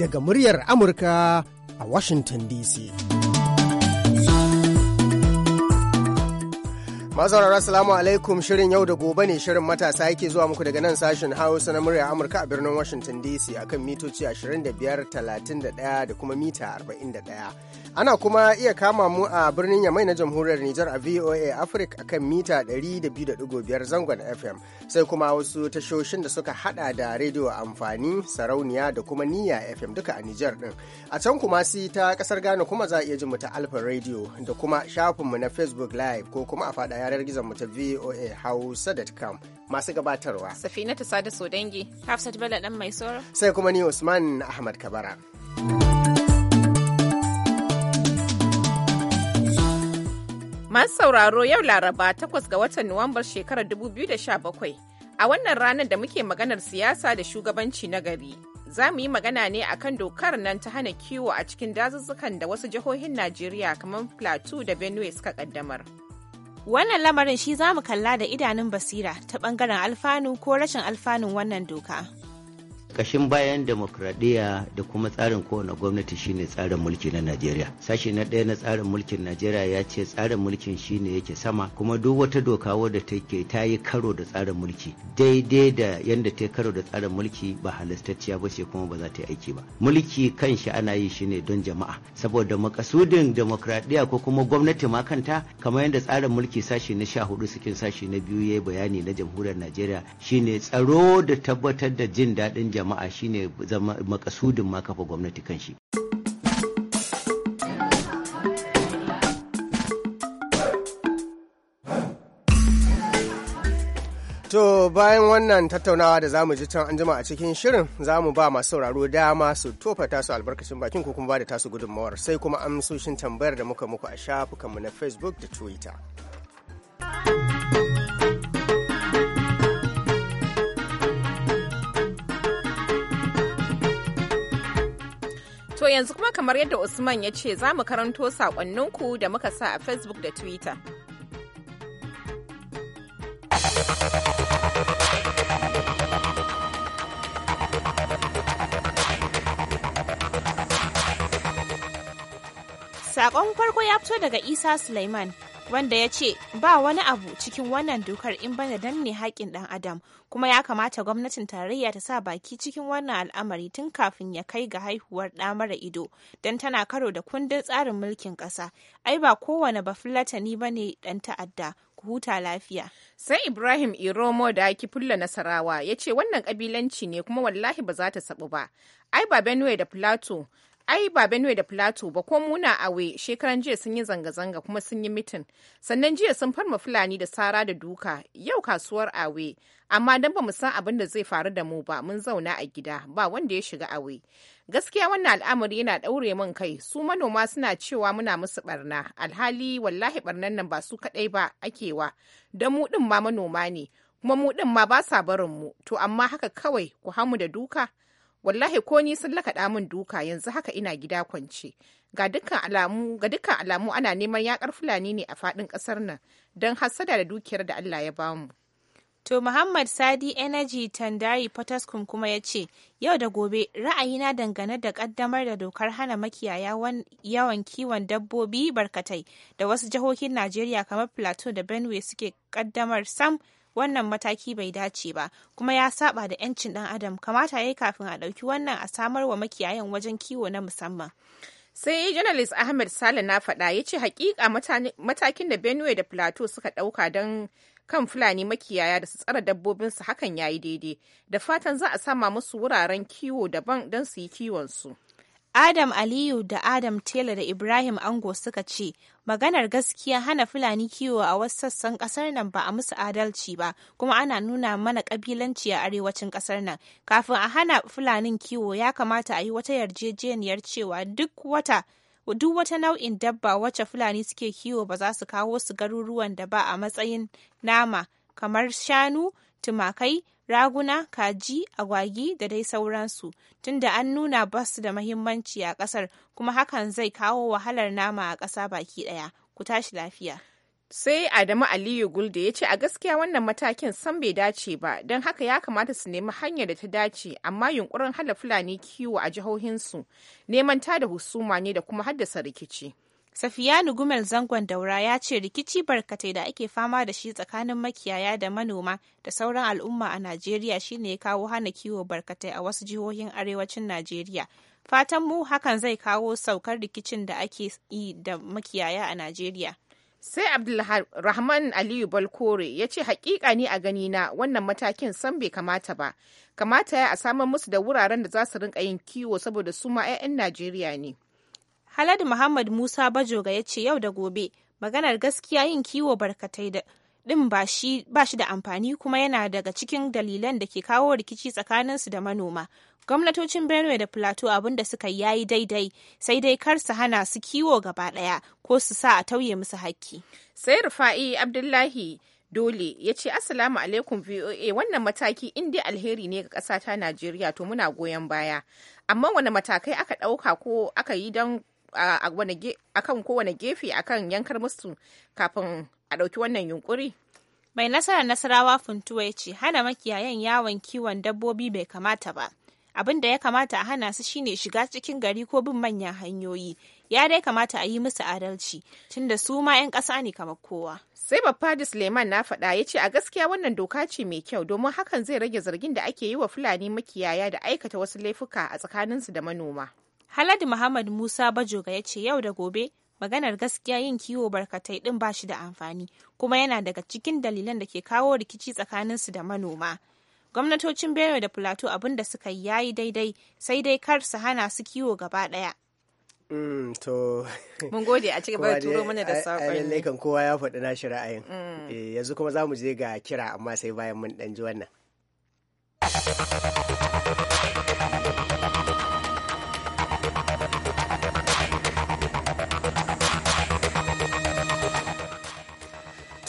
Daga muryar Amurka a Washington DC. Mazaurara Assalamu alaikum shirin yau da gobe ne shirin matasa yake zuwa muku daga nan sashen Hausa na murya Amurka a birnin Washington DC akan mitoci 25, 31 da kuma mita 41. Ana kuma iya kama mu a birnin Yamai na Jamhuriyar Nijar a VOA Africa akan mita 200.5 zangon FM sai kuma wasu tashoshin da suka hada da rediyo amfani sarauniya da kuma niyya FM duka a Nijar din. A can kuma si ta kasar Ghana kuma za a iya jin mu ta Alpha Radio da kuma shafinmu na Facebook Live ko kuma a fada yarar gizon mu ta VOA Hausa.com masu gabatarwa. Safina ta sada dangi, Hafsat Bello dan mai Sai kuma ni Usman Ahmad Kabara. Masu sauraro yau Laraba takwas ga watan Nuwambar shekarar 2017 a wannan ranar da muke maganar siyasa da shugabanci na gari. Za mu yi magana ne akan dokar nan ta hana kiwo a cikin dazuzzukan da wasu jihohin Najeriya kamar Plateau da Benue suka kaddamar. Wannan lamarin shi za mu kalla da idanun basira ta bangaren alfanu ko rashin alfanun wannan doka. kashin bayan demokradiyya da kuma tsarin kowane gwamnati shine tsarin mulki na najeriya sashi na ɗaya na tsarin mulkin najeriya ya ce tsarin mulkin shine yake sama kuma duk wata doka wadda take ta yi karo da tsarin mulki daidai da yadda ta yi karo da tsarin mulki ba halastacciya ba ce kuma ba za ta yi aiki ba mulki kan shi ana yi shine don jama'a saboda makasudin demokradiyya ko kuma gwamnati ma kanta kamar yadda tsarin mulki sashi na sha hudu cikin sashi na biyu ya yi bayani na jamhuriyar najeriya shine tsaro da tabbatar da jin daɗin jama'a jama'a shine zama makasudin ma kafa gwamnati kan shi To bayan wannan tattaunawa da zamu ji can anjima a cikin shirin zamu ba masu sauraro dama su tofa tasu albarkacin bakin ko kuma ba da tasu gudunmawar sai kuma amsoshin tambayar da muka muku a shafukanmu na Facebook da Twitter. yanzu kuma kamar yadda Usman ya ce za mu karanto saƙonninku da muka sa a Facebook da Twitter. Saƙon farko ya fito daga Isa Suleiman wanda ya ce ba wani abu cikin wannan dokar in bana danne haƙƙin ɗan adam kuma ya kamata gwamnatin tarayya ta sa baki cikin wannan al'amari tun kafin ya kai ga haihuwar ɗa mara ido don tana karo da kundin tsarin mulkin ƙasa ai ba kowane ba fulatani ba ne ɗan ta'adda ku huta lafiya. Sai Ibrahim Iromo da fulla Nasarawa ya ce wannan ƙabilanci ne kuma wallahi ba za ta saɓu ba. Ai ba Benue da Plateau ai ba benue da plateau ba ko muna awe shekaran jiya sun yi zanga-zanga kuma sun yi mitin sannan jiya sun farma fulani da sara da duka yau kasuwar awe amma dan ba mu san abin da zai faru da mu ba mun zauna a gida ba wanda ya shiga awe gaskiya wannan al'amari yana ɗaure min kai su manoma suna cewa muna musu barna alhali wallahi barnan nan ba su kaɗai ba akewa don mu ɗin ma manoma ne kuma mu ɗin ma ba sa barin mu to amma haka kawai ku hamu da duka wallahi ko ni sun lakaɗa min duka yanzu haka ina gida kwance ga dukkan alamu ga dukkan alamu ana neman yaƙar fulani ne a faɗin ƙasar nan don hassada da dukiyar da Allah ya bamu To Muhammad Sadi Energy Tandari Potaskum kuma ya ce, Yau da gobe ra'ayina dangane da kaddamar da dokar hana makiyaya yawan kiwon dabbobi barkatai da wasu jihohin Najeriya kamar Plateau da Benue suke kaddamar Sam wannan mataki bai dace ba kuma ya saba da 'yancin ɗan adam kamata ya yi kafin a ɗauki wannan a samar wa makiyayan wajen kiwo na musamman sai journalist ahmed sale na faɗa ya ce hakika matakin da benue da plateau suka ɗauka don kan fulani makiyaya da su tsara dabbobinsu hakan ya yi daidai da fatan za a sama musu wuraren kiwo daban don su yi kiwonsu. su Adam Aliyu da Adam Tela da Ibrahim Ango suka ce, maganar gaskiya hana Fulani kiwo a wasu sassan kasar nan ba a musu adalci ba, kuma ana nuna mana kabilanci a arewacin kasar nan. Kafin a hana Fulanin kiwo ya kamata a yi wata yarjejeniyar cewa duk wata duk wata nau'in dabba wacce Fulani suke kiwo ba za su kawo su garuruwan da ba a matsayin nama kamar shanu, tumakai, raguna, kaji, agwagi da dai sauransu, tunda an nuna ba su da mahimmanci a ƙasar kuma hakan zai kawo wahalar nama a ƙasa baki ɗaya. Ku tashi lafiya. Sai Adamu Aliyu Gulde ya ce a gaskiya wannan matakin san bai dace ba, don haka ya kamata su nemi hanyar da ta dace, amma yunkurin hala Fulani kiwo a jihohinsu neman tada husuma ne da kuma haddasa rikici. Safiyanu Gumel zangon daura ya ce rikici barkatai da ake fama da shi tsakanin makiyaya da manoma da sauran al'umma a Najeriya shine ya kawo hana kiwo barkatai a wasu jihohin arewacin Najeriya. Fatan mu hakan zai kawo saukar rikicin da ake yi da makiyaya a Najeriya. Sai Abdulrahman Aliyu Balkore ya ce hakika ne a gani na wannan matakin san bai kamata ba. Kamata ya a samar musu da wuraren da za su rinka yin kiwo saboda su ma 'ya'yan Najeriya ne. Haladu Muhammad Musa Bajoga ya ce yau da gobe maganar gaskiya yin kiwo barkatai da ɗin ba shi da amfani kuma yana daga cikin dalilan da ke kawo rikici tsakaninsu da manoma. Gwamnatocin Benue da Plateau abin da suka yayi daidai sai dai kar su hana su kiwo gaba ɗaya ko su sa a tauye musu haƙƙi. Sai Rufa'i Abdullahi dole ya ce assalamu alaikum voa wannan mataki in alheri ne ga ƙasa ta najeriya to muna goyon baya amma wani matakai aka ɗauka ko aka yi don a kan kowane gefe a kan yankar musu kafin a ɗauki wannan yunkuri? Mai nasarar nasarawa funtuwa ya ce hana makiyayan yawon kiwon dabbobi bai kamata ba. Abin da ya kamata a hana su shine shiga cikin gari ko bin manyan hanyoyi. Ya dai kamata a yi musu adalci, tunda su ma 'yan ƙasa ne kamar kowa. sai baffadi suleiman na faɗa ya ce a gaskiya wannan doka ce mai kyau domin hakan zai rage zargin da ake yi wa fulani makiyaya da aikata wasu laifuka a tsakaninsu da manoma Haladu Muhammad Musa Bajoga ya ce yau da gobe maganar gaskiya yin kiwo barkatai din ba shi da amfani kuma yana daga cikin dalilan da ke kawo rikici tsakanin su da manoma. Gwamnatocin Benue da Plateau abin da suka yi yayi daidai sai dai kar su hana su kiwo gaba daya. Mm, to mun gode a cikin bari turo mana da sakon ne kan kowa ya faɗi nashi ra'ayin mm. eh, yanzu kuma za mu je ga kira amma sai bayan mun ɗan ji wannan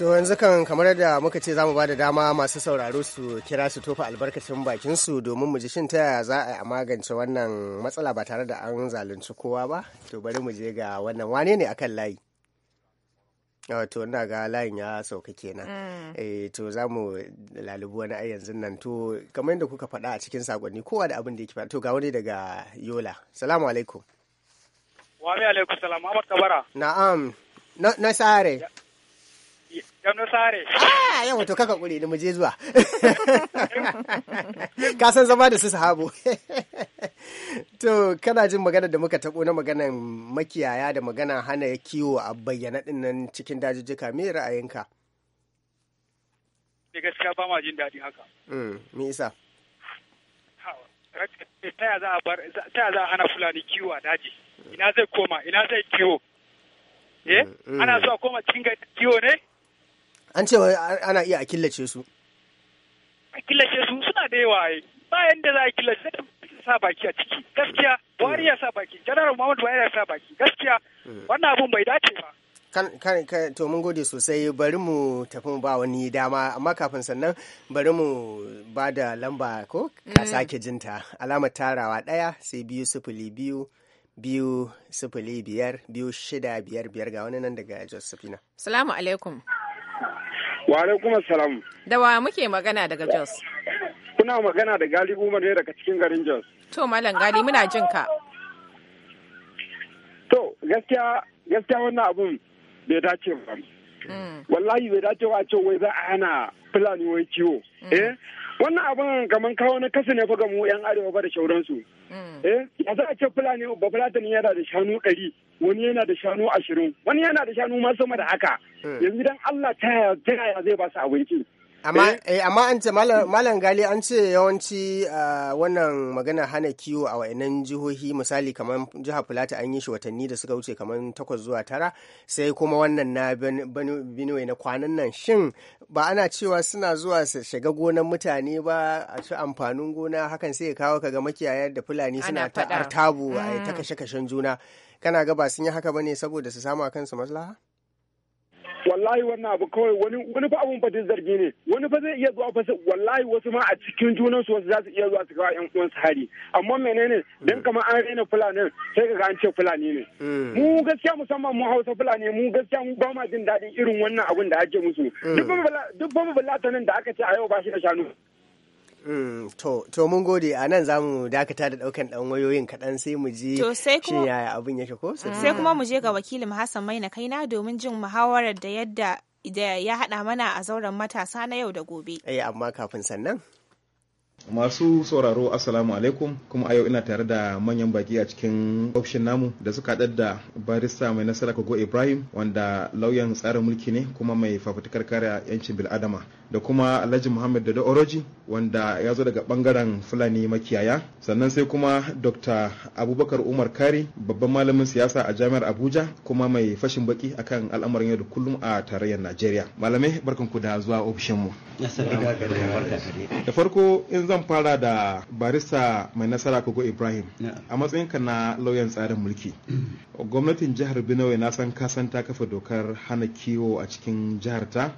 To yanzu kan kamar da muka ce za mu ba da dama masu sauraro su kira su tofa albarkacin bakin su domin mu ji shin ta yaya za a magance wannan matsala ba tare da an zalunci kowa ba. To bari mu je ga wannan wane ne akan layi? to ina ga layin ya sauka kenan mm. eh to za mu lalubu wani ai yanzu nan to kamar yadda kuka faɗa a cikin sakonni kowa da abin da yake faɗa to ga wani daga yola salamu alaikum wa alaikum salam Ahmad Kabara na'am na sare Gano sare. Ah, yawa to kaka kure ni mu je zuwa. Ka san zama da su sahabo. to kana jin magana da muka tabo na maganan makiyaya da magana hana kiwo a bayyana dinnan cikin dajijjika me ra'ayinka? Da gaskiya ba ma jin dadi haka. Mm, me isa? Ta ya za a hana Fulani kiwo a daji? Ina zai koma, ina zai kiwo. Eh? Mm, mm. Ana so a koma cikin kiwo ne? An ce ana iya a killace su. A killace su suna da yawa ai. Bayan yanda za a killace sa baki a ciki. Gaskiya Buhari ya sa baki. General Muhammadu Buhari ya sa baki. Gaskiya mm. wannan abun bai dace ba. kan kan to mun gode sosai bari mu tafi mu ba wani dama amma kafin sannan bari mu ba da lamba ko ka mm. sake jinta alamar tarawa ɗaya sai biyu sifili biyu biyu sifili biyar biyu shida biyar biyar ga wani nan daga josephina salamu alaikum Wa kuma salam. Da wa muke magana daga Jos? Kuna magana da Gali Umar ne daga cikin garin Jos. To Malam Gali muna jin ka. To gaskiya gaskiya wannan abun bai dace ba. Hmm. Wallahi bai dace ba a ce wai za a hana Fulani wai ciwo. Hmm. Eh? Wannan abun kaman kawo na kasa ne fa ga mu 'yan arewa ba da shauransu. Mm. Eh, ya za a ce fulani ba fulatani yana da shanu ɗari wani yana da shanu ashirin wani yana da shanu ma sama da haka eh. yanzu dan Allah ta yaya zai ba su abinci Eh? Eh, amma an ce malam gali an ce yawanci ah, wannan magana hana kiwo a wainan jihohi misali kamar jihar Filata an yi shi watanni da suka wuce kamar takwas zuwa tara sai kuma wannan na Benue na kwanan nan shin ba ana cewa suna zuwa su shiga gonan mutane ba a ci amfanin gona hakan sai ya kawo kaga makiyaya da Fulani suna ta artabu a ta mm. kashe-kashen juna kana ga ba sun yi haka bane saboda su samu a kansu maslaha wallahi wannan abu kawai wani wani fa abun fatin zargi ne wani fa zai iya zuwa fa wallahi wasu ma a cikin junan su wasu za su iya zuwa su kawo yan uwan hari amma menene dan mm. kamar an rena fulani sai ga an ce fulani ne mm. mu gaskiya musamman mu Hausa fulani mu gaskiya mu ba ma jin daɗin irin wannan abun da ake musu mm. duk ba mu nan da aka ce a yau ba shi da shanu Mm, to mun gode a nan za mu dakata da daukan dan wayoyin kaɗan sai mu ji shin yaya abin yake ko sai kuma mu je ga wakilin Hassan Maina na domin jin muhawarar da yadda da ya haɗa mana a zauren matasa na yau da gobe. Eh amma kafin sannan. Masu sauraro Assalamu alaikum kuma a yau ina tare da manyan baki a cikin ofishin namu da suka haɗar da barista mai nasara Kogo Ibrahim wanda lauyan tsarin mulki ne kuma mai fafutukar kare 'yancin bil'adama. da kuma alhaji muhammad da oroji wanda ya zo daga bangaren fulani makiyaya sannan sai kuma dr abubakar umar kari babban malamin siyasa a jami'ar abuja kuma mai fashin baki akan al'amarin yau da kullum a tarayyar najeriya malamai barkan ku da zuwa ofishin mu da farko in zan fara da barista mai nasara kogo ibrahim a matsayin ka na lauyan tsarin mulki gwamnatin jihar benue na san kasan ta kafa dokar hana kiwo a cikin jihar ta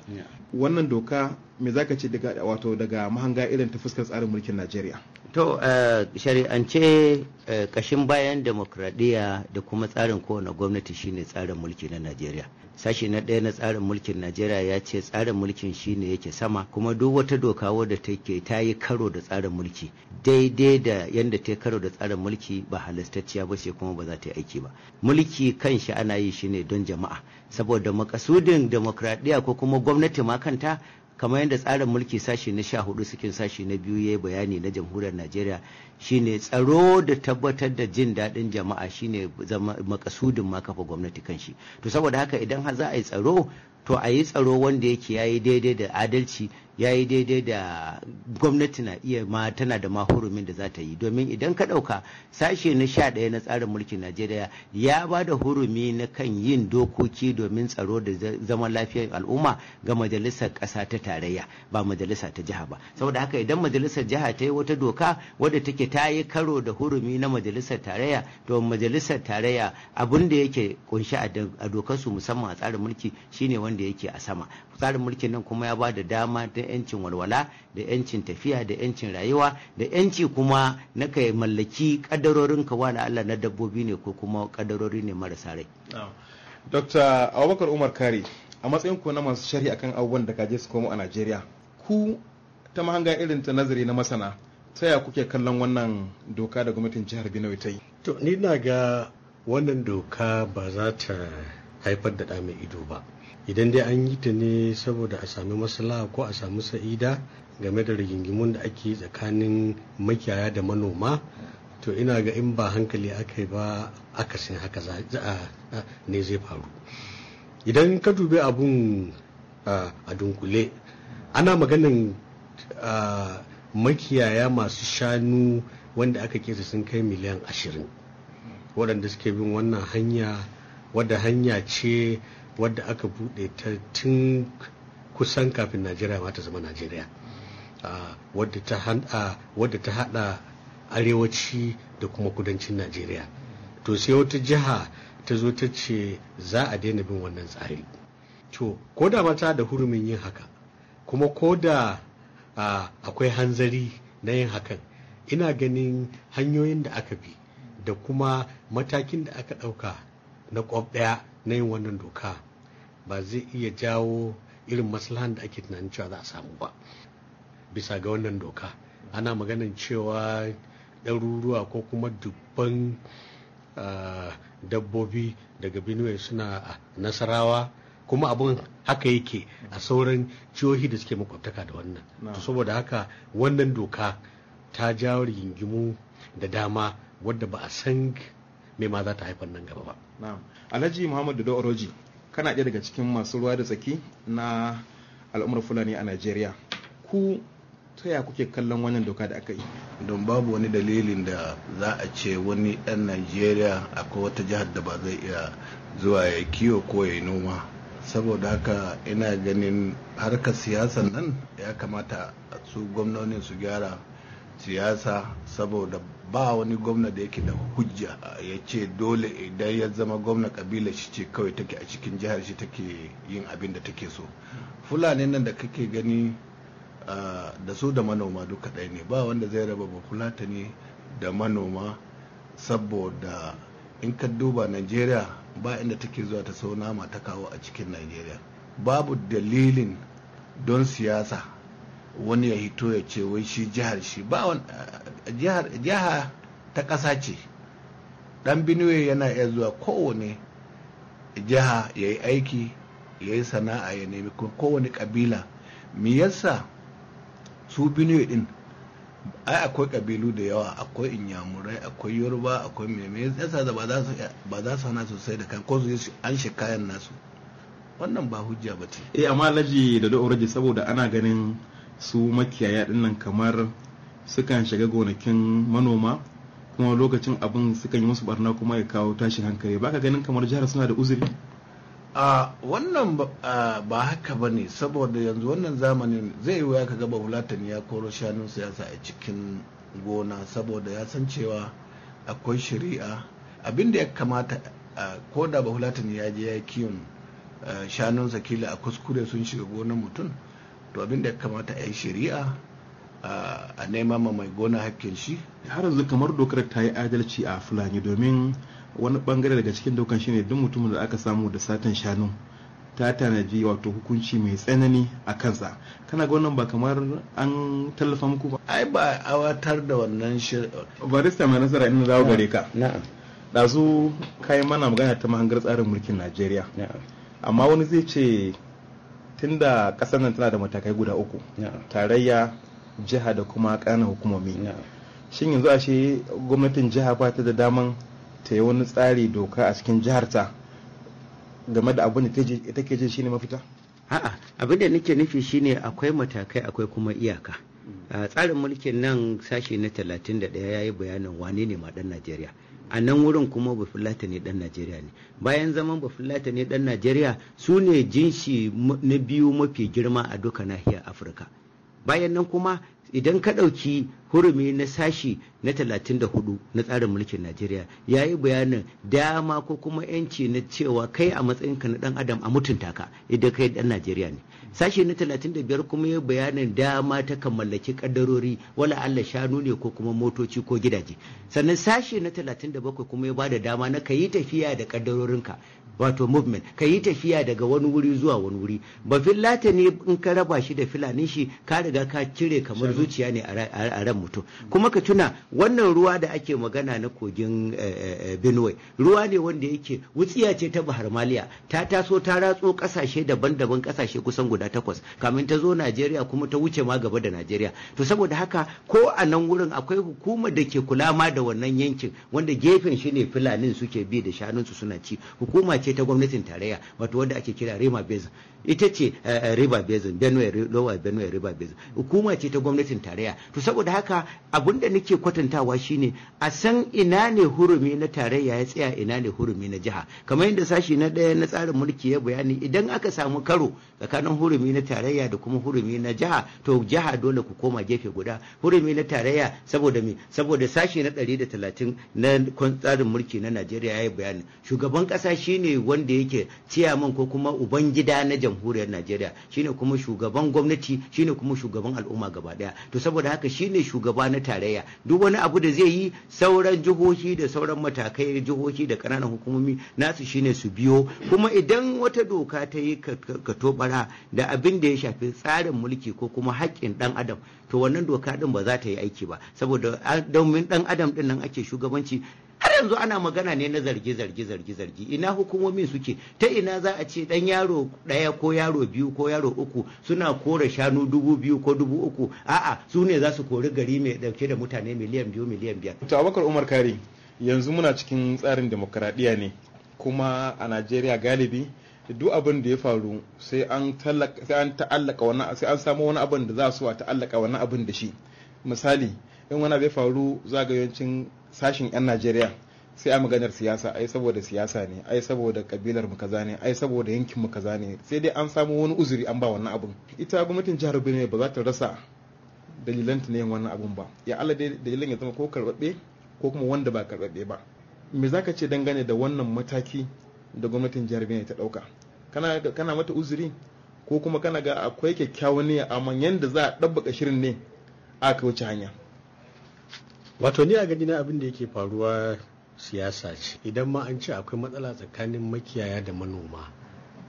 wannan doka me za ka ce daga wato daga mahanga irin ta fuskar tsarin mulkin najeriya to eh, shari'ance eh, kashin bayan demokradiyya da kuma tsarin kowane gwamnati shine tsarin mulki na najeriya sashi na ɗaya na tsarin mulkin najeriya ya ce tsarin mulkin shine yake sama kuma duk wata doka wadda take ta yi karo da tsarin mulki daidai da yadda ta karo da tsarin mulki ba halastacciya ba ce kuma ba za ta yi aiki ba mulki kan shi ana yi shine don jama'a saboda makasudin demokradiyya ko kuma gwamnati ma kanta kamar yadda tsarin mulki sashi na sha hudu cikin sashi na biyu ya bayani na jamhuriyar najeriya shine tsaro da tabbatar da jin daɗin jama'a shine zama makasudin ma kafa gwamnati kan shi to saboda haka idan har za a yi tsaro to a yi tsaro wanda yake yayi daidai da adalci ya yi daidai da gwamnati na iya ma tana da mahurumin da za ta yi domin idan ka ɗauka sashe na sha ɗaya na tsarin mulkin najeriya ya ba da hurumi na kan yin dokoki domin tsaro da zaman lafiyar al'umma ga majalisar ƙasa ta tarayya ba majalisa ta jiha ba saboda haka idan majalisar jiha ta yi wata doka wadda take ta yi karo da hurumi na majalisar tarayya to majalisar tarayya abin da yake kunshi a dokarsu musamman a tsarin mulki shine wanda yake a sama tsarin mulkin nan kuma ya ba da dama da yancin walwala da yancin tafiya da yancin rayuwa da yanci kuma na kai mallaki kadarorin ka wani Allah na dabbobi ne ko kuma kadarori ne marasa rai. Dr. Abubakar Umar Kari a matsayin ku na masu shari akan abubuwan da kaje su komo a Najeriya ku ta mahanga irin ta nazari na masana ta ya kuke kallon wannan doka da gwamnatin jihar Benue ta yi? To ni na ga wannan doka ba za ta haifar da ɗa ido ba. idan dai an yi ta ne saboda a sami maslaha ko a sami sa'ida game da rigingimun da ake tsakanin makiyaya da manoma to ina ga in ba hankali aka yi ba akasin haka ne zai faru idan ka dubi abun a dunkule ana maganin makiyaya masu shanu wanda aka kesa sun kai miliyan ashirin waɗanda suke bin wannan hanya wadda hanya ce wadda aka buɗe ta tun kusan kafin najeriya ma ta zama najeriya ah, wadda ta hada ah, arewaci da kuma kudancin najeriya to sai wata jiha ta zo ta ce za a daina bin wannan tsari to ko da mata da hurumin yin haka kuma ko da ah, akwai hanzari na yin hakan ina ganin hanyoyin da aka bi da kuma matakin da aka ɗauka na ƙwab ɗaya na yin wannan doka ba zai iya jawo irin maslahan da ake tunanin cewa za a samu ba bisa ga wannan doka ana maganin cewa ɗaruruwa ko kuma dubban dabbobi daga benue suna nasarawa kuma abun haka yake a sauran jihohi da suke makwabtaka da wannan saboda haka wannan doka ta jawo rigingimu da dama wadda ba a san me ma za ta haifar nan gaba ba alhaji muhammad Dodo oroji kana ɗaya daga cikin masu ruwa da tsaki na al'ummar fulani a najeriya ku ta ya kuke kallon wannan doka da aka yi don babu wani dalilin da za a ce wani ɗan najeriya akwai wata jihar da ba zai iya zuwa ya kiwo ko ya noma saboda haka ina ganin harka siyasan nan ya kamata su gwamnonin su gyara siyasa saboda ba wani gwamna da yake da hujja ya ce dole idan ya zama gwamna kabila shi ce kawai take a cikin jihar shi take yin abin da take so fulani nan da kake gani da su da manoma duka ɗaya ne ba wanda zai raba ba ne da manoma saboda in ka duba najeriya ba inda take zuwa ta sau nama ta kawo a cikin najeriya babu dalilin don siyasa wani ya hito ya ce wai shi jihar shi ba jihar jiha ta ƙasa ce dan benue yana iya zuwa kowane jiha ya yi aiki ya yi sana'a ya nemi kowane ƙabila me yasa su benue din ai akwai ƙabilu da yawa akwai inyamurai akwai yoruba akwai meme yasa da ba za su hana sosai da kan ko su an shi kayan nasu wannan ba hujja ba ce eh amma laji da da'uraji saboda ana ganin su makiyaya dinnan kamar sukan shiga gonakin manoma kuma lokacin abin sukan yi musu barna kuma ya kawo tashin hankali baka ganin kamar jihar suna da uzuri a wannan ba haka ba ne saboda yanzu wannan zamanin zai yi ya kaga bahulatan ya koro shanun siyasa a cikin gona saboda ya san cewa akwai shari'a abinda ya kamata ko da bahulatan ya je ya kiyon shanunsa kila a kuskure sun shiga gonar mutum to abin da ya kamata a yi shari'a a nema ma mai gona hakkin shi har yanzu kamar dokar ta yi adalci a fulani domin wani bangare daga cikin dokan shine duk mutumin da aka samu da satan shanu ta tanaji wato hukunci mai tsanani a kansa kana ga wannan ba kamar an tallafa muku ba ai ba awatar da wannan shirin barista mai nasara ina zawo gare ka na'am su kai mana magana ta mahangar tsarin mulkin Najeriya amma wani zai ce tun da kasar nan tana da matakai guda uku tarayya jiha da kuma ƙananan hukumomi shin yanzu ashe gwamnatin jiha ba ta da daman ta yi wani tsari doka a cikin jiharta game da abin da ke jin shine mafita a'a abin da nake nufi shine akwai matakai akwai kuma iyaka mm. tsarin mulkin nan sashe na 31 ya yi bayanin wane ne maɗan najeriya a nan wurin kuma bafulata ne dan najeriya ne bayan zaman bafulata ne dan najeriya su ne jinshi na biyu mafi girma a duka nahiyar afirka bayan nan kuma idan ka ɗauki hurumi na sashi na 34 na tsarin mulkin najeriya ya yi bayanin dama ko kuma yanci na cewa kai a matsayinka na ɗan adam a mutunta ka idan kai ɗan najeriya ne sashi na 35 kuma ya bayanin dama ta kan mallaki ƙaddarori, wala allah shanu ne ko kuma motoci ko gidaje sannan sashi na 37 kuma ya bada dama na ka yi tafiya da ƙaddarorinka. wato movement ka yi tafiya daga wani wuri zuwa wani wuri ba fillata ne in ka raba shi da filanin shi ka riga ka cire kamar zuciya ne a ran mutum kuma ka tuna wannan ruwa da ake magana na kogin eh, eh, benue ruwa ne wanda yake wutsiya ce ta bahar maliya ta taso ta ratso kasashe daban-daban kasashe kusan guda takwas kamin ta zo najeriya kuma ta wuce ma gaba da najeriya to saboda haka ko a nan wurin akwai hukumar da ke kula ma da wannan yankin wanda gefen shi ne filanin suke bi da shanunsu suna ci hukuma ce ta gwamnatin tarayya wato wanda ake kira Rima Basin ita ce eh, eh, River Basin Benue Lower Benue River Basin hukuma ce ta gwamnatin tarayya to saboda haka abin da nake kwatantawa shine a san ina ne hurumi na tarayya ya tsaya ina ne hurumi na jiha kamar yadda sashi na daya na tsarin mulki ya bayani idan aka samu karo tsakanin hurumi na tarayya da kuma hurumi na jiha to jiha dole ku koma gefe guda hurumi na tarayya saboda me saboda sashi na 130 na tsarin mulki na Najeriya ya yi bayani shugaban kasa shine wanda yake ciyaman ko kuma uban gida na jamhuriyar najeriya shine kuma shugaban gwamnati shine kuma shugaban al'umma gaba daya to saboda haka shine shugaba na tarayya duk wani abu da zai yi sauran jihohi da sauran matakai jihohi da kananan hukumomi nasu shine su biyo kuma idan wata doka ta yi katobara da abin da ya shafi tsarin mulki ko kuma haƙƙin ɗan adam to wannan doka din ba za ta yi aiki ba saboda domin ɗan adam ɗin nan ake shugabanci har yanzu ana magana ne na zargi zarge zarge zarge ina hukumomin suke ta ina za a ce dan yaro daya ko yaro biyu ko yaro uku suna kore shanu dubu biyu ko dubu uku a'a su ne za su kori gari mai dauke da mutane miliyan biyu miliyan biyar to abakar umar kari yanzu muna cikin tsarin demokradiyya ne kuma a najeriya galibi duk abin da ya faru sai an ta'allaka wani sai an samu wani abin da za su a ta'allaka wani abin da shi misali in wani abu ya faru za Sashen 'yan najeriya sai a maganar siyasa ai saboda siyasa ne ai saboda kabilar mu kaza ne ai saboda yankin mu kaza ne sai dai an samu wani uzuri an ba wannan abun ita gwamnatin jihar Benue ba za ta rasa dalilan ta yin wannan abun ba ya Allah dai dalilan ya zama ko karbabbe ko kuma wanda ba karbabbe ba me zaka ce dangane da wannan mataki da gwamnatin jihar bene ta dauka kana kana mata uzuri ko kuma kana ga akwai kyakkyawan ne amma yanda za a dabbaka shirin ne aka wuce hanya wato ni a gani na abin da yake faruwa siyasa ce idan ma an ce akwai matsala tsakanin makiyaya da manoma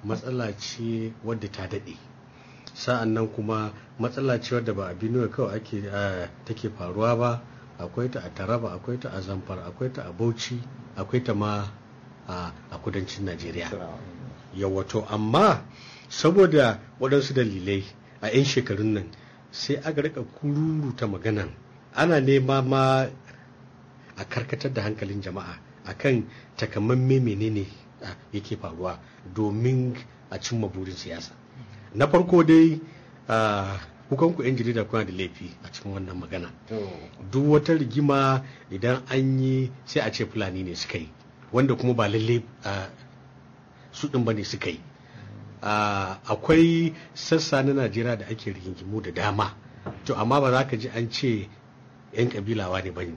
matsala ce wadda ta daɗe sa'an nan kuma matsala ce wadda ba a binuwa kawai ake take faruwa ba akwai ta a taraba akwai ta a zamfar akwai ta a bauchi akwai ta ma a kudancin najeriya yawato amma saboda waɗansu dalilai a 'yan shekarun nan sai aka rika kururuta maganan ana nema ma a karkatar da hankalin jama'a akan takamamme menene yake faruwa domin a cimma burin siyasa na farko dai hukanku 'yan jarida kuna da laifi a cikin wannan magana duk wata rigima idan an yi sai a ce fulani ne suka yi wanda kuma ba lalle su ba ne suka yi akwai sassa na najeriya da ake rigingimu da dama to amma ba za ka ji an ce 'yan kabilawa ne bane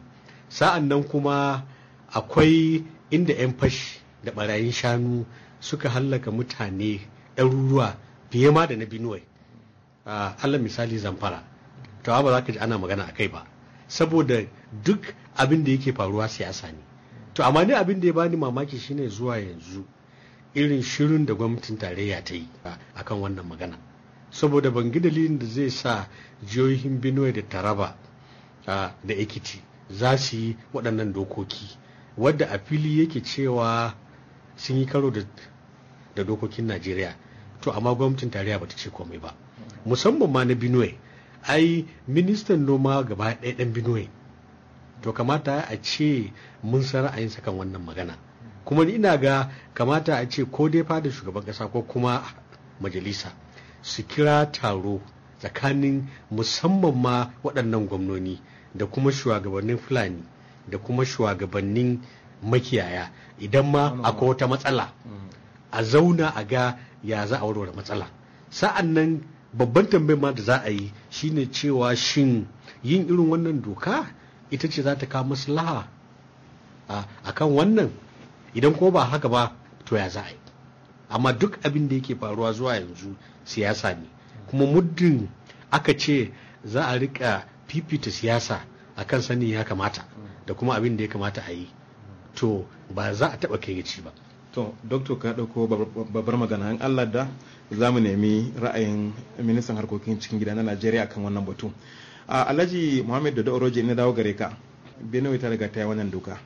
sa'an nan kuma akwai inda 'yan fashi da barayin shanu suka hallaka mutane ɗaruruwa fiye ma da na binuwai allah misali zamfara to ba za ka ji ana magana a kai ba saboda duk abin da yake faruwa siyasa ne to amma ne abin da ya bani mamaki shine zuwa yanzu irin shirin da gwamnatin tarayya ta yi akan wannan magana saboda ban gi dalilin da zai sa jihohin benue da taraba da ekiti za su yi waɗannan dokoki wadda a fili yake cewa sun yi karo da dokokin najeriya to amma gwamnatin tarayya bata ce komai ba musamman ma na benue ai ministan noma gaba ɗaya ɗan benue to kamata a ce mun san ra'ayinsa kan wannan magana kuma ina ga kamata a ce ko dai fada shugaban ƙasa ko kuma majalisa su kira taro tsakanin musamman ma waɗannan gwamnoni da kuma shugabannin fulani da kuma shugabannin makiyaya idan ma akwai wata matsala mm. a zauna a ga ya za a warware matsala sa'an nan babban tambayar ma da za a yi shine cewa shin yin irin wannan doka ita ce za ta kawo maslaha a kan wannan idan ko ba haka ba to ya za a yi amma duk abin da yake faruwa zuwa yanzu siyasa ne kuma muddin aka ce za a rika fifita siyasa akan sanin ya kamata da kuma abin da ya kamata a yi to ba za a taba kai ba to doktor ka dauko babbar magana an Allah da za mu nemi ra'ayin ministan harkokin cikin gida na Najeriya kan wannan batu a Alhaji Muhammad da Oroje ne dawo gare ka Benue ta riga ta yi wannan doka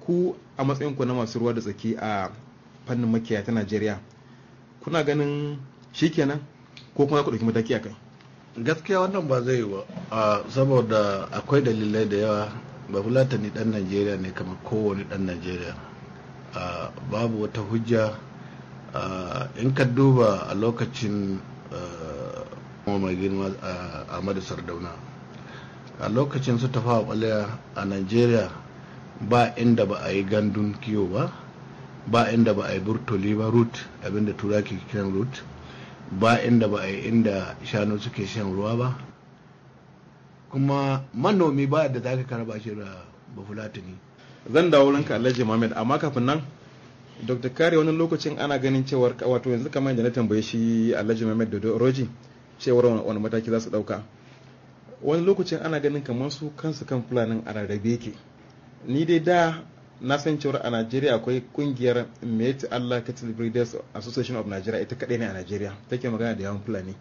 ku a matsayin ku na masu ruwa da tsaki a fannin makiyaya ta Najeriya kuna ganin shikenan ko kuma ku dauki mataki akai gaskiya wannan ba zai yi ba saboda akwai dalilai da yawa ba fulata ni dan najeriya ne kamar kowane dan najeriya babu wata hujja in ka duba a lokacin mai girma madisar sardauna a lokacin su tafawa kwalliya a najeriya ba inda ba a yi gandun kiwo ba ba inda ba a yi burtoli ba root abinda turaki kiran root ba inda ba yi inda shanu suke shan ruwa ba kuma manomi ba da za ka ba shi da bafulatani zan dawo ranka alhaji mohammed amma kafin nan dr kare wani lokacin ana ganin cewar wato yanzu kamar yadda na tambaye shi alhaji mohammed da roji cewar wani mataki za su dauka wani lokacin ana ganin kamar su kansu kan fulanin a rarrabe ke ni dai da na san cewar a Najeriya akwai kungiyar Mate Allah Cattle Breeders Association of Nigeria ita kadai ne a Najeriya take magana da yawan Fulani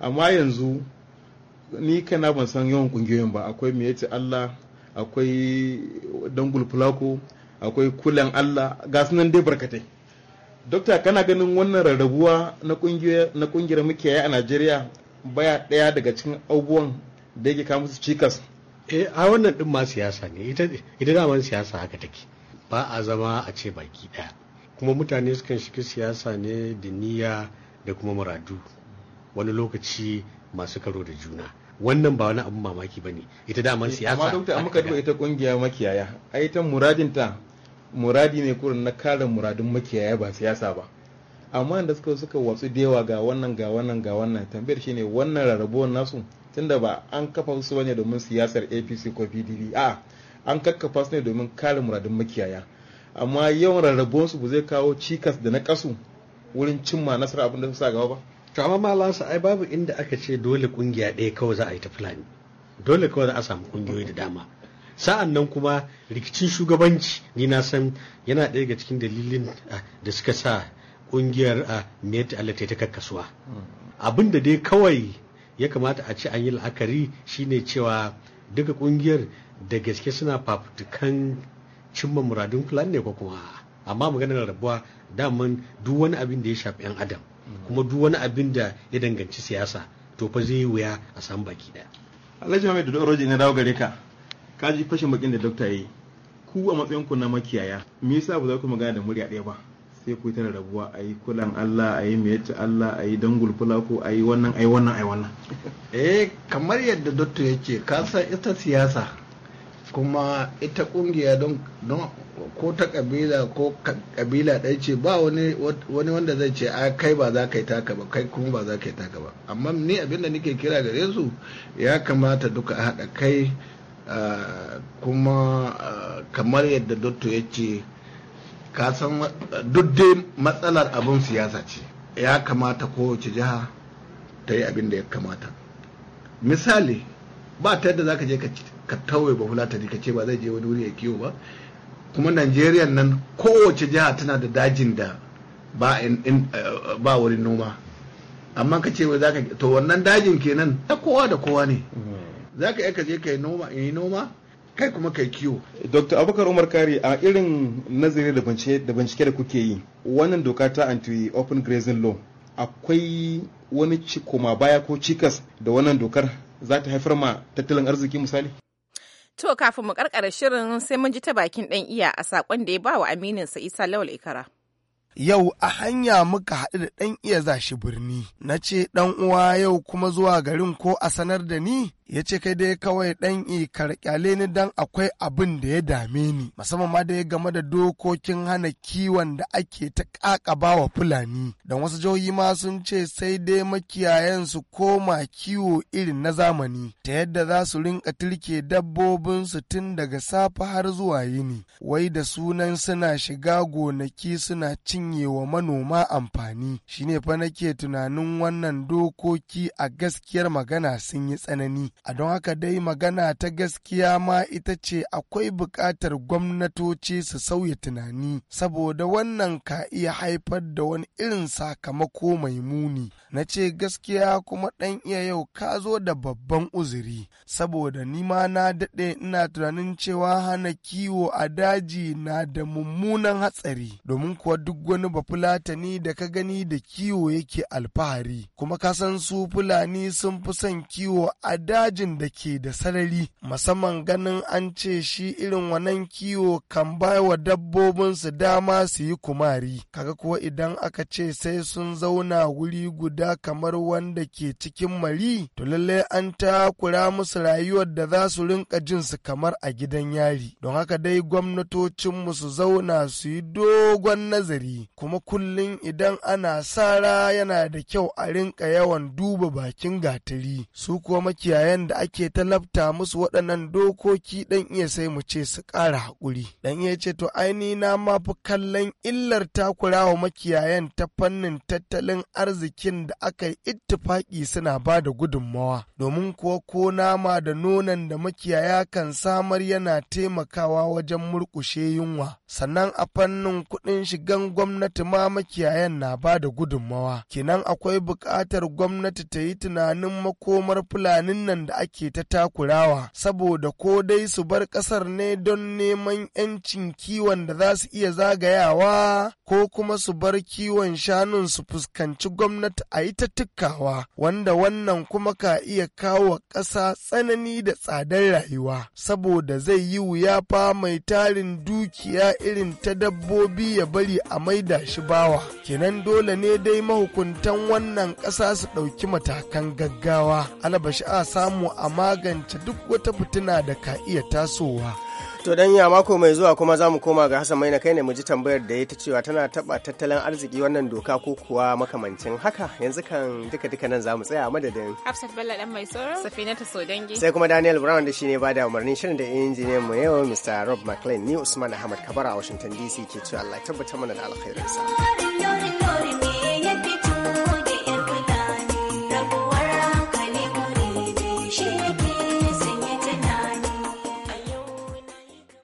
amma yanzu ni kana ban san yawan kungiyoyin ba akwai Mate Allah akwai Dangul Fulako akwai Kulan Allah ga sunan dai barkatai Dokta kana ganin wannan rarrabuwa na kungiyar yi a Najeriya baya daya daga cikin abubuwan da yake kawo musu cikas Eh, a wannan din ma siyasa ne ita da man siyasa haka take ba a zama a ce baki daya kuma mutane sukan shiga siyasa ne da niyya da kuma muradu wani lokaci masu karo da juna wannan ba wani abun mamaki ba ne. ita daman eh, siyasa amma dokta amma ka duba ita kungiya makiyaya a ita muradin ta muradi ne kurin na kare muradin makiyaya ba siyasa ba amma da suka suka watsu dewa ga wannan ga wannan ga wannan tambayar shine wannan rarrabuwar nasu tunda ba an kafa su bane domin siyasar apc ko pdp a an kakkafa su ne domin kare muradun makiyaya amma yawan rarrabuwan su ba zai kawo cikas da na kasu wurin cimma nasara abin da sa gaba ba to amma malansa ai babu inda aka ce dole kungiya ɗaya kawai za a yi ta fulani dole kawai za a samu kungiyoyi da dama sa'an nan kuma rikicin shugabanci ni na san yana ɗaya daga cikin dalilin ah, da suka sa kungiyar a ah, Allah ta kakkasuwa hmm. abin da dai kawai ya kamata a ce an yi la'akari shine cewa duka kungiyar da gaske suna fafutukan cimma muradun fulani ne ko kuma amma maganar rabuwa daman duk wani abin da ya shafi 'yan adam kuma duk wani abin da ya danganci siyasa to fa zai wuya a san baki daya alhaji hamid da roji na dawo gare ka ka ji fashin bakin da dokta yi ku a matsayin ku na makiyaya me yasa ba za ku magana da murya ɗaya ba sai ku tana rabuwa Ayi yi kulan Allah ayi yi miyarci Allah a yi gulfula ko a yi wannan a wannan a wannan. eh kamar yadda dotto ya ce kasan ita siyasa kuma ita kungiya don ko ta kabila ko kabila ɗaya ce ba wani wanda zai ce a kai ba za ka yi taka ba kai kuma ba za ka yi taka ba amma ni abin da nake kira gare su ya kamata duka a haɗa kai kuma kamar yadda dotto ya ce kasan duk dai matsalar abin siyasa ce ya kamata kowace jiha ta yi abin da ya kamata misali ba ta yadda za ka je ka tauye ba fulatani ka ce ba zai je wani wuri ya kiwo ba kuma najeriya nan kowace jiha tana da dajin da ba, eh, ba wurin noma amma ka ce wai za ka to wannan dajin kenan ta kowa da kowa ne mm. za ka je ka yi noma kai kuma kai kiwo dr abubakar umar kari a irin nazari da bincike da kuke yi wannan doka ta anti open grazing law akwai wani koma baya ko cikas da wannan dokar za ta haifar ma tattalin arziki misali to kafin mu karkara shirin sai mun ji ta bakin dan iya a sakon da ya ba wa aminin sa isa lawal ikara yau a hanya muka haɗu da ɗan iya zashi birni na ce ɗan uwa yau kuma zuwa garin ko a sanar da ni ya ce kai dai kawai ɗan i karkyale ni dan akwai abin da ya dame ni musamman ma dai game da dokokin hana kiwon da ake ta wa fulani don wasu jihohi ma sun ce sai dai makiyayan su koma kiwo irin na zamani ta yadda za su rinka tilke dabbobin su tun daga safe har zuwa yini wai da sunan suna shiga gonaki suna cinye wa manoma amfani shine fa nake tunanin wannan dokoki a gaskiyar magana sun yi tsanani A don haka dai magana ta gaskiya ma ita ce akwai buƙatar gwamnatoci su sauya tunani saboda wannan ka iya haifar da wani irin sakamako mai muni. Na ce gaskiya kuma ɗan iya yau ka zo da babban uzuri saboda nima na daɗe ina tunanin cewa hana kiwo a daji na da mummunan hatsari domin kuwa duk wani bafulatani da ka gani da kiwo yake alfahari kuma ka san su fulani sun fi son kiwo a daji dajin da ke da sarari musamman ganin an ce shi irin wannan kiwo kan baiwa wa su dama su yi kumari kaga kuwa idan aka ce sai sun zauna wuri guda kamar wanda ke cikin mari to lallai an takura musu rayuwar da za su rinka jinsu kamar a gidan yari don haka dai gwamnatocinmu su zauna su yi dogon nazari kuma kullum idan ana sara yana da kyau a rinka yawan duba bakin gatari su kuwa makiyayan iyayen da ake talabta musu waɗannan dokoki dan iya sai mu ce su ƙara haƙuri dan iya ce to aini na ma fi kallon illar takurawa makiyayan ta fannin tattalin arzikin da aka yi ittifaƙi suna ba da gudunmawa domin kuwa ko nama da nonon da makiyaya kan samar yana taimakawa wajen murƙushe yunwa sannan a fannin kuɗin shigan gwamnati ma makiyayan na ba da gudunmawa kenan akwai buƙatar gwamnati ta yi tunanin makomar fulanin nan da ake ta takurawa saboda ko dai su bar ƙasar ne don neman 'yancin kiwon da za su iya zagayawa ko kuma su bar kiwon shanun su fuskanci gwamnati a yi ta tukkawa wanda wannan kuma ka iya kawo ƙasa tsanani da tsadar rayuwa saboda zai yi wuya fa mai tarin dukiya irin ta dabbobi ya bari a maida shi bawa kenan dole ne dai mahukuntan wannan ƙasa su ɗauki matakan gaggawa alabashi a samu samu a magance duk wata fitina da ka iya tasowa. To dan ya mako mai zuwa kuma za mu koma ga Hassan Maina kai ne mu ji tambayar da ya ta cewa tana taba tattalin arziki wannan doka ko kuwa makamancin haka yanzu kan duka duka nan za mu tsaya madadin. Hafsat Bello dan mai tsoro. Safina ta so dangi. Sai kuma Daniel Brown da shine bada umarnin shirin da injiniyan mu yau Mr. Rob McLean ni Usman Ahmad Kabara a Washington DC ke cewa Allah tabbatar mana da alkhairinsa.